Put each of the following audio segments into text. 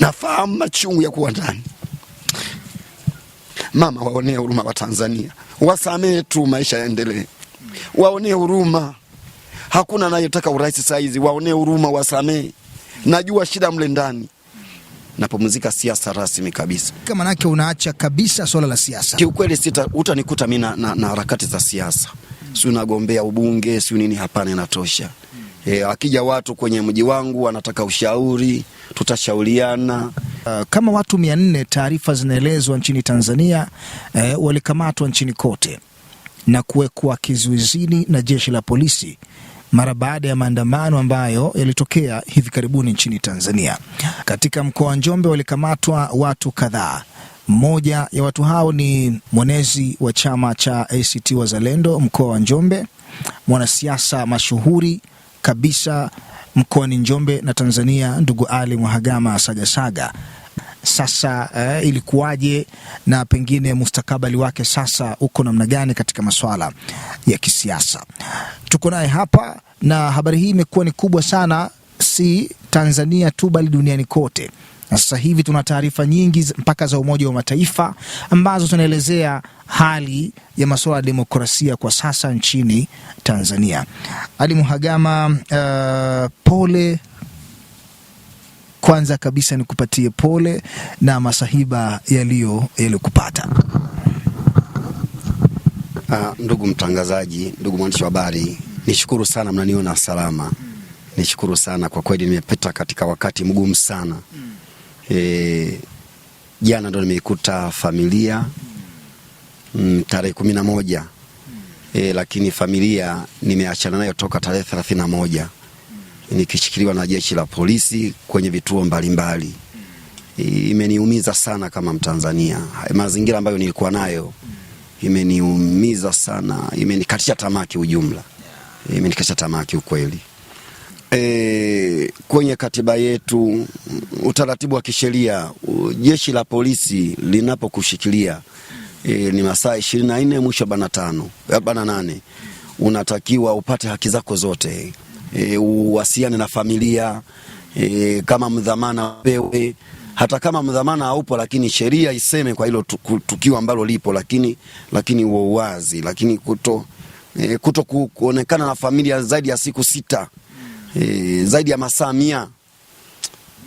nafahamu machungu ya kuwa ndani. Mama, waonee huruma wa Tanzania, wasamehe tu, maisha yaendelee. Waonee huruma, hakuna anayetaka urais saizi. Waonee huruma, wasamehe. Najua shida mle ndani napumzika siasa rasmi kabisa. Kama nake unaacha kabisa swala la siasa, kiukweli sita utanikuta mimi na, na, na harakati za siasa, si unagombea ubunge si nini, hapana, inatosha. E, akija watu kwenye mji wangu wanataka ushauri, tutashauriana. Uh, kama watu mia nne taarifa zinaelezwa nchini Tanzania e, walikamatwa nchini kote na kuwekwa kizuizini na jeshi la polisi mara baada ya maandamano ambayo yalitokea hivi karibuni nchini Tanzania. Katika mkoa wa Njombe walikamatwa watu kadhaa. Mmoja ya watu hao ni mwenezi wa chama cha ACT Wazalendo mkoa wa Njombe, mwanasiasa mashuhuri kabisa mkoani Njombe na Tanzania, ndugu Ali mwahagama Sagasaga. Sasa eh, ilikuwaje na pengine mustakabali wake sasa uko namna gani katika masuala ya kisiasa? Tuko naye hapa na habari hii imekuwa ni kubwa sana, si Tanzania tu bali duniani kote na sasa hivi tuna taarifa nyingi mpaka za Umoja wa Mataifa ambazo zinaelezea hali ya masuala ya demokrasia kwa sasa nchini Tanzania. Ali Muhagama, uh, pole kwanza kabisa nikupatie pole na masahiba yaliyo yaliyokupata. Uh, ndugu mtangazaji, ndugu mwandishi wa habari, nishukuru sana mnaniona salama. Nishukuru sana kwa kweli, nimepita katika wakati mgumu sana e, jana ndo nimeikuta familia mm, tarehe kumi na moja e, lakini familia nimeachana nayo toka tarehe thelathini na moja nikishikiliwa na jeshi la polisi kwenye vituo mbalimbali mbali. E, imeniumiza sana kama Mtanzania. Mazingira ambayo nilikuwa nayo imeniumiza sana, imenikatisha tamaa kiujumla, e, imenikatisha tamaa kiukweli. E, kwenye katiba yetu utaratibu wa kisheria jeshi la polisi linapokushikilia e, ni masaa ishirini na nne mwisho arobaini na tano arobaini eh, na nane unatakiwa upate haki zako zote e, uwasiane na familia e, kama mdhamana pewe hata kama mdhamana haupo, lakini sheria iseme kwa hilo tukio ambalo lipo, lakini lakini uwazi, lakini kuto, e, kuto kuonekana na familia zaidi ya siku sita e, zaidi ya masaa mia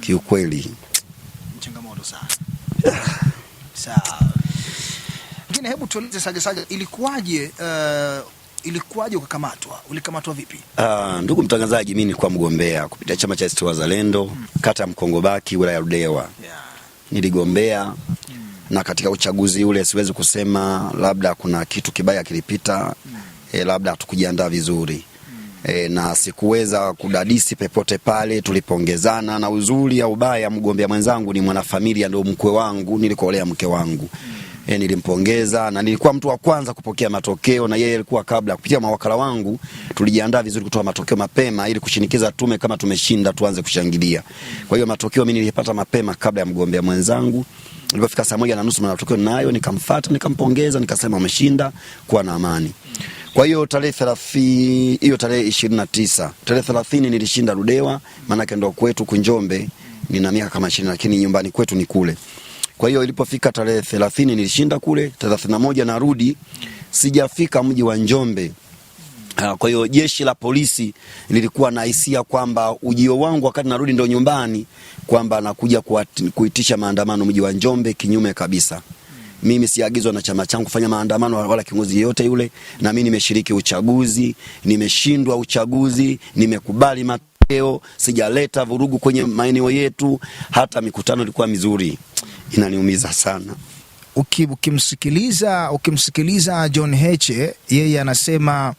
kiukweli changamoto sana. Sawa. hebu tueleze Sage Sage, ilikuwaje uh, ilikuwaje ukakamatwa? Ulikamatwa vipi? Uh, ndugu mtangazaji, mimi nilikuwa mgombea kupitia chama cha ACT Wazalendo hmm. kata ya Mkongobaki wilaya ya Ludewa yeah. niligombea hmm. na katika uchaguzi ule siwezi kusema labda kuna kitu kibaya kilipita hmm. e, labda hatukujiandaa vizuri E, na sikuweza kudadisi popote pale, tulipongezana na uzuri au ubaya, mgombea mwenzangu ni mwanafamilia, ndio mkwe wangu, nilikolea mke wangu e, nilimpongeza na nilikuwa mtu wa kwanza kupokea matokeo, na yeye alikuwa kabla. Kupitia mawakala wangu tulijiandaa vizuri kutoa matokeo mapema ili kushinikiza tume, kama tumeshinda tuanze kushangilia. Kwa hiyo matokeo mimi nilipata mapema kabla ya mgombea mwenzangu. Nilipofika saa moja na nusu matokeo nayo, nikamfuata nikampongeza, nikasema umeshinda, kuwa na amani. Kwa hiyo tarehe thelathini, hiyo tarehe ishirini na tisa, tarehe thelathini nilishinda Ludewa, maanake ndo kwetu Kunjombe nina miaka kama ishirini, lakini nyumbani kwetu ni kule. Kwa hiyo ilipofika tarehe thelathini nilishinda kule, thelathini na moja narudi, sijafika mji wa Njombe. Ah, kwa hiyo jeshi la polisi lilikuwa na hisia kwamba ujio wangu wakati narudi ndo nyumbani, kwamba nakuja kuitisha maandamano mji wa Njombe, kinyume kabisa. Mimi siagizwa na chama changu kufanya maandamano wala kiongozi yeyote yule, na mimi nimeshiriki uchaguzi, nimeshindwa uchaguzi, nimekubali matokeo, sijaleta vurugu kwenye maeneo yetu, hata mikutano ilikuwa mizuri. Inaniumiza sana. Uki, ukimsikiliza ukimsikiliza John Heche yeye anasema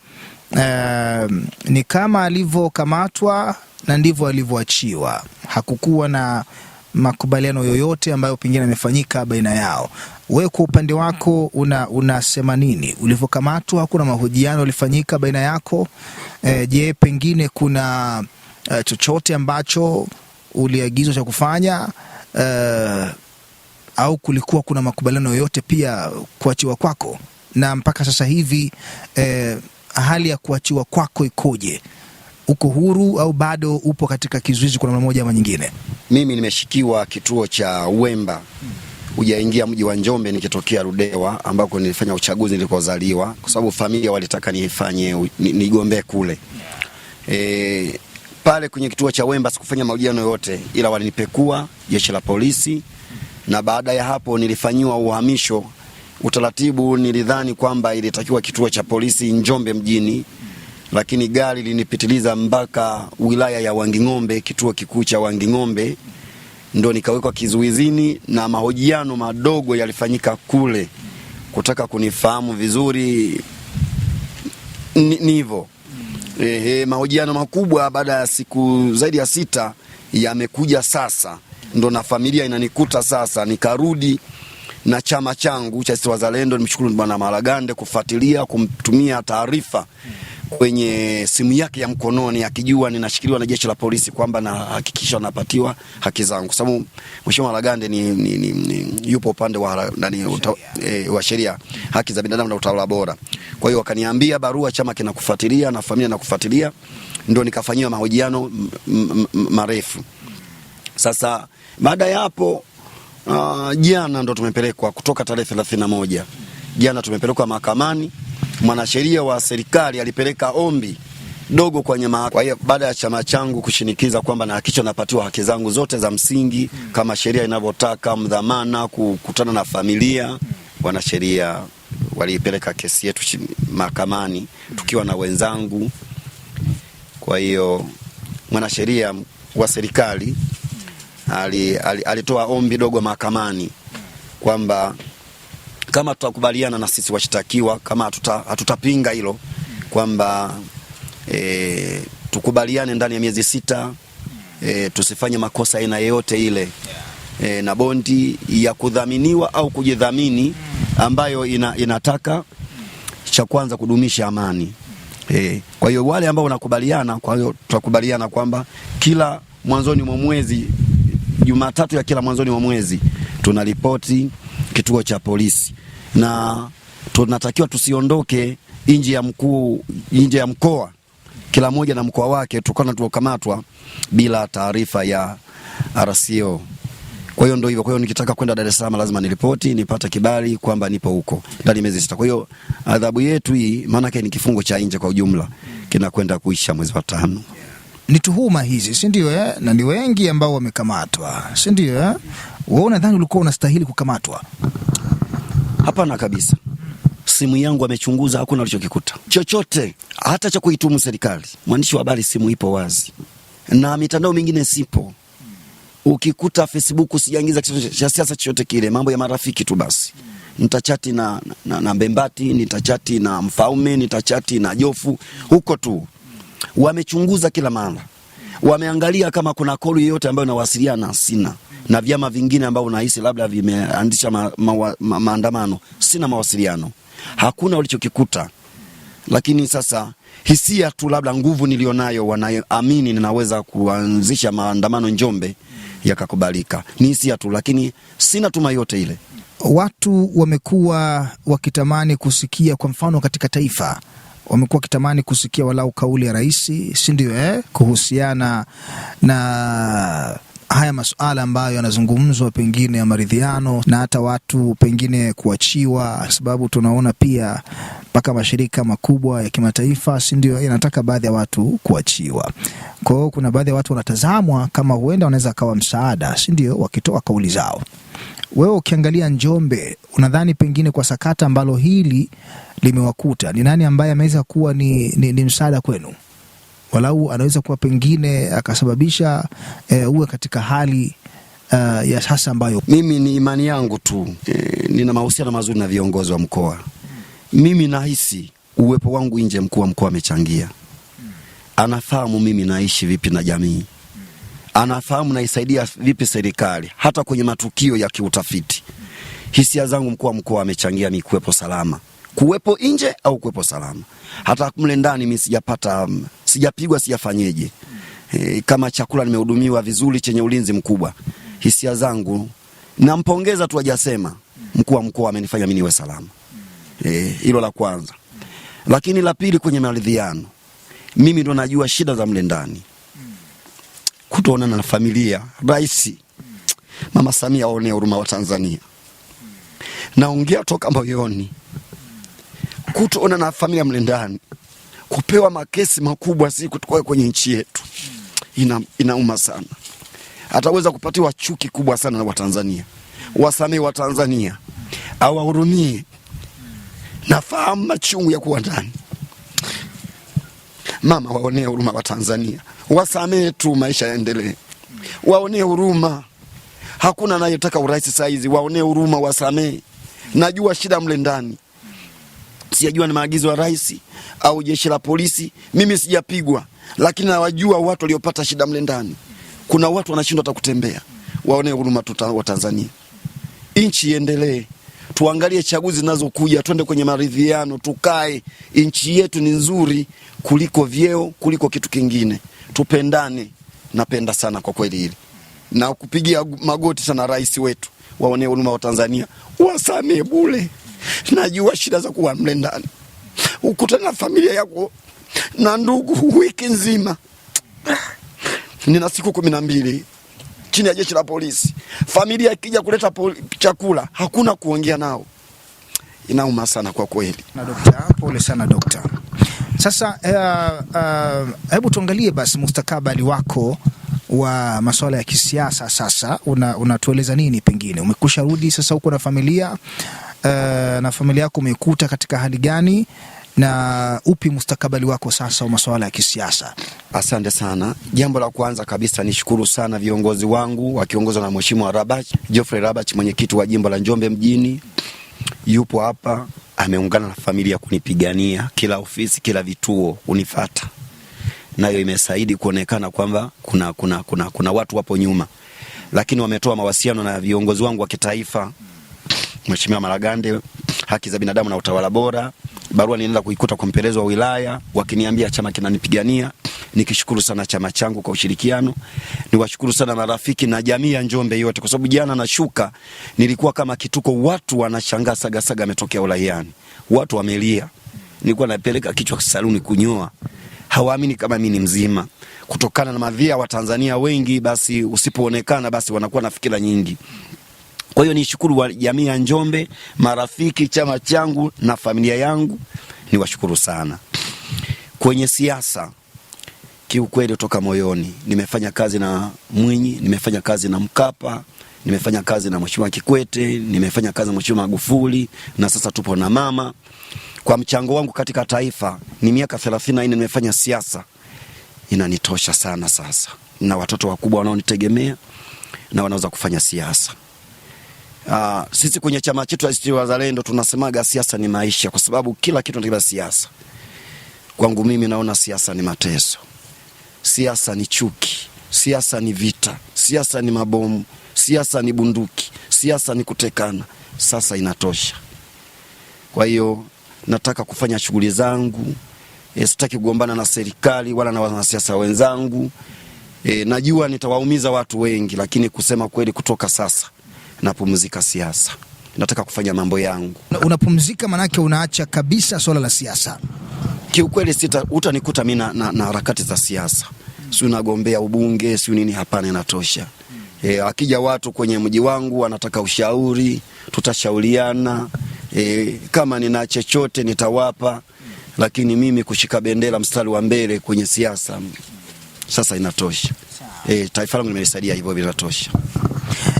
uh, ni kama alivyokamatwa na ndivyo alivyoachiwa. Hakukuwa na makubaliano yoyote ambayo pengine yamefanyika baina yao wewe kwa upande wako unasema una nini? Ulivyokamatwa, kuna mahojiano yalifanyika baina yako e, je, pengine kuna e, chochote ambacho uliagizwa cha kufanya e, au kulikuwa kuna makubaliano yoyote pia kuachiwa kwako? Na mpaka sasa hivi e, hali ya kuachiwa kwako ikoje? Uko huru au bado upo katika kizuizi kwa namna moja ama nyingine? Mimi nimeshikiwa kituo cha Uwemba hmm hujaingia mji wa Njombe nikitokea Ludewa ambako nilifanya uchaguzi nilikozaliwa, kwa sababu familia walitaka nifanye nigombee kule e, pale kwenye kituo cha Wemba sikufanya mahojiano yote, ila walinipekua jeshi la polisi, na baada ya hapo nilifanyiwa uhamisho. Utaratibu nilidhani kwamba ilitakiwa kituo cha polisi Njombe mjini, lakini gari linipitiliza mpaka wilaya ya Wanging'ombe, kituo kikuu cha Wanging'ombe ndo nikawekwa kizuizini na mahojiano madogo yalifanyika kule kutaka kunifahamu vizuri nivo. Ehe, mahojiano makubwa baada ya siku zaidi ya sita yamekuja sasa, ndo na familia inanikuta sasa. Nikarudi na chama changu cha ACT Wazalendo, nimshukuru Bwana Maragande kufuatilia kumtumia taarifa kwenye simu yake ya mkononi akijua ninashikiliwa na jeshi la polisi kwamba nahakikisha napatiwa haki zangu, kwa sababu Mheshimiwa Lagande ni, ni, ni, ni, yupo upande wa, e, wa sheria, haki za binadamu na utawala bora. Kwa hiyo wakaniambia barua, chama kinakufuatilia na familia nakufuatilia ndio nikafanyiwa mahojiano marefu. Sasa baada ya hapo ah, jana, uh, ndo tumepelekwa kutoka tarehe 31 Jana tumepelekwa mahakamani, mwanasheria wa serikali alipeleka ombi dogo kwenye mahakama. Kwa hiyo baada ya chama changu kushinikiza kwamba nahakikisha napatiwa haki zangu zote za msingi kama sheria inavyotaka, mdhamana, kukutana na familia, wanasheria waliipeleka kesi yetu mahakamani tukiwa na wenzangu. Kwa hiyo mwanasheria wa serikali alitoa ali, ali ombi dogo mahakamani kwamba kama tutakubaliana na sisi washtakiwa, kama hatuta, hatutapinga hilo kwamba e, tukubaliane ndani ya miezi sita e, tusifanye makosa aina yoyote ile e, na bondi ya kudhaminiwa au kujidhamini ambayo ina, inataka cha kwanza kudumisha amani e, kwa hiyo wale ambao wanakubaliana, kwa hiyo tutakubaliana kwamba kila mwanzoni mwa mwezi Jumatatu ya kila mwanzoni mwa mwezi tuna ripoti kituo cha polisi, na tunatakiwa tusiondoke nje ya mkuu nje ya mkoa, kila moja na mkoa wake, tukana tuokamatwa bila taarifa ya RCO. Kwa hiyo ndio hivyo. Kwa hiyo nikitaka kwenda Dar es Salaam lazima niripoti, nipate kibali kwamba nipo huko ndani miezi sita. Kwa hiyo adhabu yetu hii maana yake ni kifungo cha nje kwa ujumla, kinakwenda kuisha mwezi wa tano ni tuhuma hizi, si ndio eh? Na ni wengi ambao wamekamatwa, si ndio eh? Wewe unadhani ulikuwa unastahili kukamatwa? Hapana kabisa. Simu yangu amechunguza, hakuna alichokikuta chochote, hata cha kuitumu serikali. Mwandishi wa habari, simu ipo wazi na mitandao mingine sipo. Ukikuta Facebook sijaingiza cha siasa chochote kile, mambo ya marafiki tu basi. Nitachati na, na, na Mbembati, nitachati na Mfaume, nitachati na Jofu huko tu wamechunguza kila mahala, wameangalia kama kuna kolu yoyote ambayo inawasiliana sina na vyama vingine ambavyo nahisi labda vimeandisha ma, ma, ma, maandamano. Sina mawasiliano, hakuna walichokikuta. Lakini sasa hisia tu, labda nguvu nilionayo, wanaamini ninaweza kuanzisha maandamano Njombe yakakubalika, ni hisia tu, lakini sina tuma yote ile. Watu wamekuwa wakitamani kusikia, kwa mfano katika taifa wamekuwa wakitamani kusikia walau kauli ya rais, si ndio? Eh, kuhusiana na haya masuala ambayo yanazungumzwa pengine ya maridhiano na hata watu pengine kuachiwa, sababu tunaona pia mpaka mashirika makubwa ya kimataifa, si ndio, eh, yanataka baadhi ya watu kuachiwa. Kwa hiyo kuna baadhi ya watu wanatazamwa kama huenda wanaweza kawa msaada, si ndio, wakitoa kauli zao. Wewe ukiangalia Njombe, unadhani pengine kwa sakata ambalo hili limewakuta, ni nani ambaye ameweza kuwa ni, ni, ni msaada kwenu? Walau anaweza kuwa pengine akasababisha e, uwe katika hali uh, ya sasa ambayo mimi ni imani yangu tu e, nina mahusiano mazuri na viongozi wa mkoa. Mimi nahisi uwepo wangu nje, mkuu wa mkoa amechangia, anafahamu mimi naishi vipi na jamii anafahamu naisaidia vipi serikali hata kwenye matukio ya kiutafiti. Hisia zangu mkuu wa mkoa amechangia mikuwepo salama kuwepo nje au kuwepo salama. Hata mle ndani mimi sijapata, mm, sijapigwa, sijafanyeje. E, kama chakula nimehudumiwa vizuri, chenye ulinzi mkubwa. Hisia zangu nampongeza tu, hajasema mkuu wa mkoa amenifanya mimi niwe salama. E, hilo e, la kwanza. Lakini la pili, kwenye maridhiano, mimi ndo najua shida za mle ndani, kutoonana na familia. Rais Mama Samia aone huruma wa Tanzania, naongea toka moyoni kutoona na familia mle ndani, kupewa makesi makubwa si kutoka kwenye nchi yetu, ina inauma sana. Ataweza kupatiwa chuki kubwa sana na Watanzania. Wasamee Watanzania, awahurumie. Nafahamu machungu ya kuwa ndani. Mama, waonee huruma Watanzania, wasamee tu, maisha yaendelee. Waonee huruma, hakuna anayetaka urais saizi. Waonee huruma, wasamee. Najua shida mle ndani sijajua ni maagizo ya rais au jeshi la polisi. Mimi sijapigwa, lakini nawajua watu waliopata shida mle ndani. Kuna watu wanashindwa hata kutembea, waone huruma wa Tanzania. Nchi iendelee, tuangalie chaguzi zinazokuja, twende kwenye maridhiano, tukae. Nchi yetu ni nzuri kuliko vyeo, kuliko kitu kingine. Tupendane, napenda sana kwa kweli hili na kupigia magoti sana rais wetu, waone huruma wa Tanzania, wasamee bure najua shida za kuwa mle ndani, ukutana na familia yako na ndugu wiki nzima. Nina siku kumi na mbili chini ya jeshi la polisi. Familia ikija kuleta poli, chakula hakuna kuongea nao, inauma sana kwa kweli. Na dokta, pole sana dokta. Sasa eh, eh, hebu uh, uh, tuangalie basi mustakabali wako wa masuala ya kisiasa sasa, unatueleza una nini? Pengine umekusha rudi sasa, huko na familia uh, na familia yako umekuta katika hali gani na upi mustakabali wako sasa wa masuala ya kisiasa? Asante sana. Jambo la kwanza kabisa nishukuru sana viongozi wangu wakiongozwa na Mheshimiwa Rabach Geoffrey Rabach, mwenyekiti wa jimbo la Njombe mjini, yupo hapa, ameungana na familia kunipigania kila ofisi, kila vituo unifata, nayo imesaidi kuonekana kwamba kuna, kuna, kuna, kuna watu wapo nyuma, lakini wametoa mawasiliano na viongozi wangu wa kitaifa Mheshimiwa Maragande, haki za binadamu na utawala bora. Barua ninaenda kuikuta kwa mpelezo wa wilaya, wakiniambia chama kinanipigania. Nikishukuru sana chama changu kwa ushirikiano, niwashukuru sana marafiki na jamii ya Njombe yote, kwa sababu jana nashuka nilikuwa kama kituko, watu wanashangaa Saga Saga ametokea uraiani, watu wamelia. Nilikuwa napeleka kichwa saluni kunyoa, hawaamini kama mimi ni mzima kutokana na madhia wa Tanzania wengi, basi usipoonekana basi wanakuwa na fikira nyingi. Kwa hiyo nishukuru wa jamii ya Njombe, marafiki, chama changu na familia yangu, niwashukuru sana. Kwenye siasa kiukweli, toka moyoni, nimefanya kazi na Mwinyi, nimefanya kazi na Mkapa, nimefanya kazi na Mheshimiwa Kikwete, nimefanya kazi na Mheshimiwa Magufuli na sasa tupo na mama. Kwa mchango wangu katika taifa ni miaka 34 nimefanya siasa, inanitosha sana sasa, na watoto wakubwa wanaonitegemea na wanaweza kufanya siasa uh, sisi kwenye chama chetu ACT Wazalendo tunasemaga siasa ni maisha, kwa sababu kila kitu katika siasa. Kwangu mimi naona siasa ni mateso, siasa ni chuki, siasa ni vita, siasa ni mabomu, siasa ni bunduki, siasa ni kutekana. Sasa inatosha. Kwa hiyo nataka kufanya shughuli zangu e, sitaki kugombana na serikali wala na wanasiasa wenzangu. E, najua nitawaumiza watu wengi, lakini kusema kweli, kutoka sasa napumzika siasa, nataka kufanya mambo yangu. Unapumzika manake unaacha kabisa swala la siasa? Kiukweli sita utanikuta mi na, na, na harakati za siasa, si nagombea ubunge si nini, hapana, inatosha. E, akija watu kwenye mji wangu wanataka ushauri, tutashauriana. E, kama nina chochote nitawapa, lakini mimi kushika bendera mstari wa mbele kwenye siasa sasa inatosha. E, taifa langu limenisaidia hivyo, vinatosha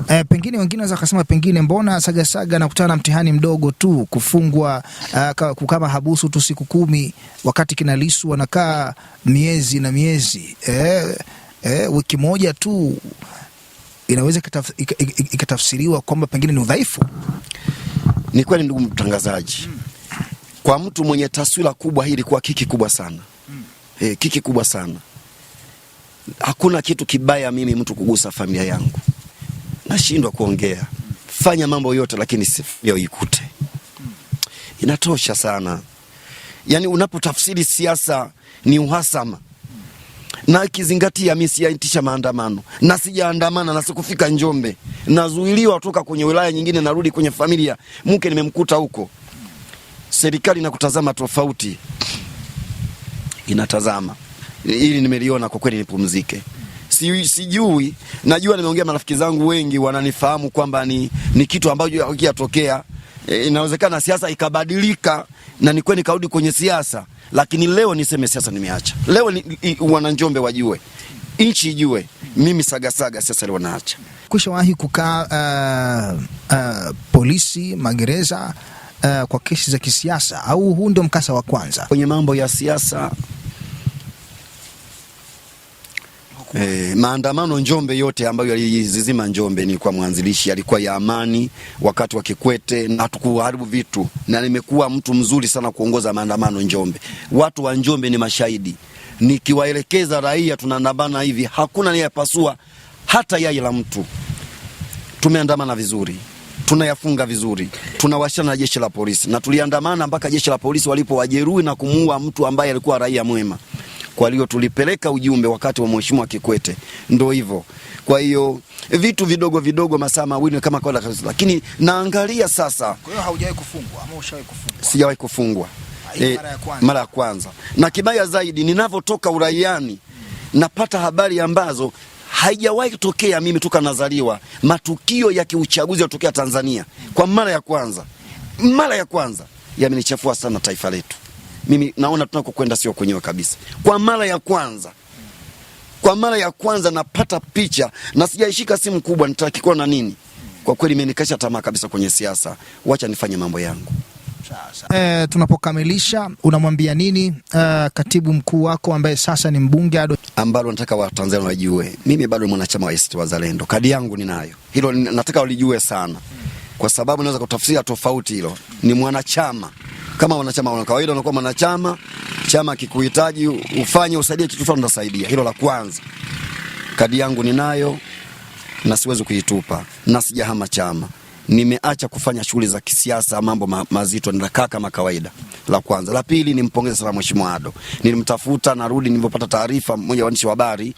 E, pengine wengine wanaweza wakasema pengine mbona Sagasaga nakutana na mtihani mdogo tu kufungwa uh, eh, kama habusu tu siku kumi, wakati kina Lissu wanakaa miezi na miezi e, e, wiki moja tu inaweza ikataf, ikatafsiriwa kwamba pengine ni udhaifu. Ni kweli ndugu mtangazaji, kwa mtu mwenye taswira kubwa hii ilikuwa kiki kubwa sana e, kiki kubwa sana. Hakuna kitu kibaya mimi mtu kugusa familia yangu nashindwa kuongea, fanya mambo yote lakini sio ikute. Inatosha sana. Yani unapotafsiri siasa ni uhasama na kizingatia, mimi sijaitisha maandamano na sijaandamana na sikufika Njombe, nazuiliwa toka kwenye wilaya nyingine, narudi kwenye familia, mke nimemkuta huko. Serikali inakutazama tofauti, inatazama. Ili nimeliona kwa kweli, nipumzike si, sijui, najua nimeongea marafiki zangu wengi wananifahamu kwamba ni, ni kitu ambacho kikatokea e, inawezekana siasa ikabadilika na nikuwe nikarudi kwenye siasa, lakini leo niseme siasa nimeacha. Leo ni, i, wananjombe wajue, nchi ijue mimi sagasaga siasa leo naacha. Kushawahi kukaa uh, uh, polisi magereza uh, kwa kesi za kisiasa au huu ndio mkasa wa kwanza kwenye mambo ya siasa? E, maandamano Njombe yote ambayo yalizizima Njombe ni kwa mwanzilishi, alikuwa ya amani wakati wa Kikwete na tukuharibu vitu, na nimekuwa mtu mzuri sana kuongoza maandamano Njombe. Watu wa Njombe ni mashahidi, nikiwaelekeza raia tunaandamana hivi, hakuna niyapasua hata yai la mtu. Tumeandamana vizuri, tunayafunga vizuri, tunawashana na jeshi la polisi, na tuliandamana mpaka jeshi la polisi walipowajeruhi na kumuua mtu ambaye alikuwa raia mwema tulipeleka ujumbe wakati wa Mheshimiwa Kikwete. Ndio hivyo. Kwa hiyo vitu vidogo vidogo, masaa mawili kama kwa kabisa, lakini naangalia sasa. Kwa hiyo haujawahi kufungwa ama ushawahi kufungwa? Sijawahi kufungwa. E, mara ya kwanza na kibaya zaidi, ninavyotoka uraiani napata habari ambazo haijawahi kutokea mimi toka nazaliwa, matukio ya kiuchaguzi yatokea Tanzania kwa mara ya kwanza. Mara ya kwanza yamenichafua sana taifa letu mimi naona kwenda sio kwenyewe kabisa. Kwa mara ya kwanza, kwa mara ya kwanza napata picha na sijaishika simu kubwa, nitakikuwa na nini? Kwa kweli imenikasha tamaa kabisa kwenye siasa, wacha nifanye mambo yangu. E, tunapokamilisha unamwambia nini e, katibu mkuu wako ambaye sasa ni mbunge Ado? Ambalo nataka Watanzania wajue, mimi bado mwanachama wa ACT Wazalendo, kadi yangu ninayo, hilo nataka walijue sana kwa sababu naweza kutafsiria tofauti hilo. Ni mwanachama kama wanachama wa kawaida, unakuwa mwanachama, chama kikuhitaji ufanye usaidie kitu fulani, utasaidia. Hilo la kwanza. Kadi yangu ninayo na siwezi kuitupa, na sijahama chama, nimeacha kufanya shughuli za kisiasa, mambo ma mazito, ninakaa kama kawaida. La kwanza. La pili, nimpongeze sana mheshimiwa Ado, nilimtafuta narudi, nilipopata taarifa, mmoja wa waandishi wa habari,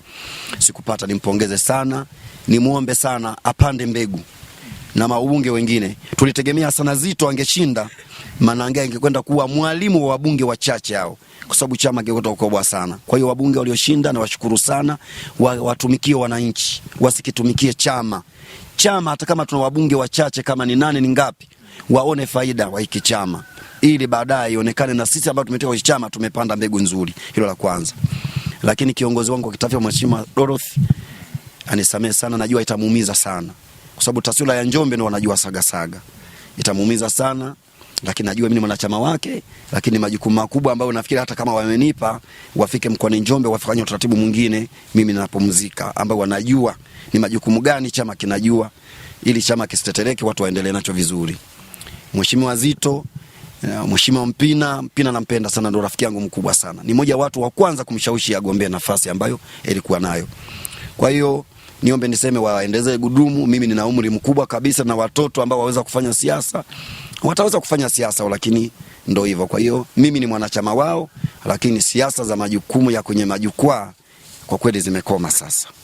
sikupata. Nimpongeze sana, nimwombe sana apande mbegu na mabunge wengine. Tulitegemea sana Zito angeshinda, maana ange angekwenda kuwa mwalimu wa wabunge wachache hao, kwa sababu chama kingekuwa kikubwa sana. Kwa hiyo wabunge walioshinda, na washukuru sana, watumikie wananchi, wasikitumikie chama. Chama hata kama tuna wabunge wachache, kama ni nane, ni ngapi, waone faida wa hiki chama, ili baadaye ionekane na sisi ambao tumetoka kwenye chama tumepanda mbegu nzuri. Hilo la kwanza. Lakini kiongozi wangu wa kitaifa Mheshimiwa Dorothy anisamehe sana, najua itamuumiza sana kwa sababu taswira ya Njombe ndio wanajua saga saga, Itamuumiza sana, lakini najua mimi ni mwanachama wake, lakini majukumu makubwa ambayo nafikiri hata kama wamenipa wafike mkoani Njombe wafanye utaratibu mwingine mimi ninapomzika, ambao wanajua ni majukumu gani chama kinajua, ili chama kisitetereke, watu waendelee nacho vizuri. Mheshimiwa Zito eh, Mheshimiwa Mpina, Mpina nampenda sana, ndo rafiki yangu mkubwa sana, ni mmoja watu wa kwanza kumshawishi agombee nafasi ambayo ilikuwa nayo, kwa hiyo niombe niseme waendeze gudumu. Mimi nina umri mkubwa kabisa na watoto ambao waweza kufanya siasa, wataweza kufanya siasa, lakini ndo hivyo. Kwa hiyo mimi ni mwanachama wao, lakini siasa za majukumu ya kwenye majukwaa kwa kweli zimekoma sasa.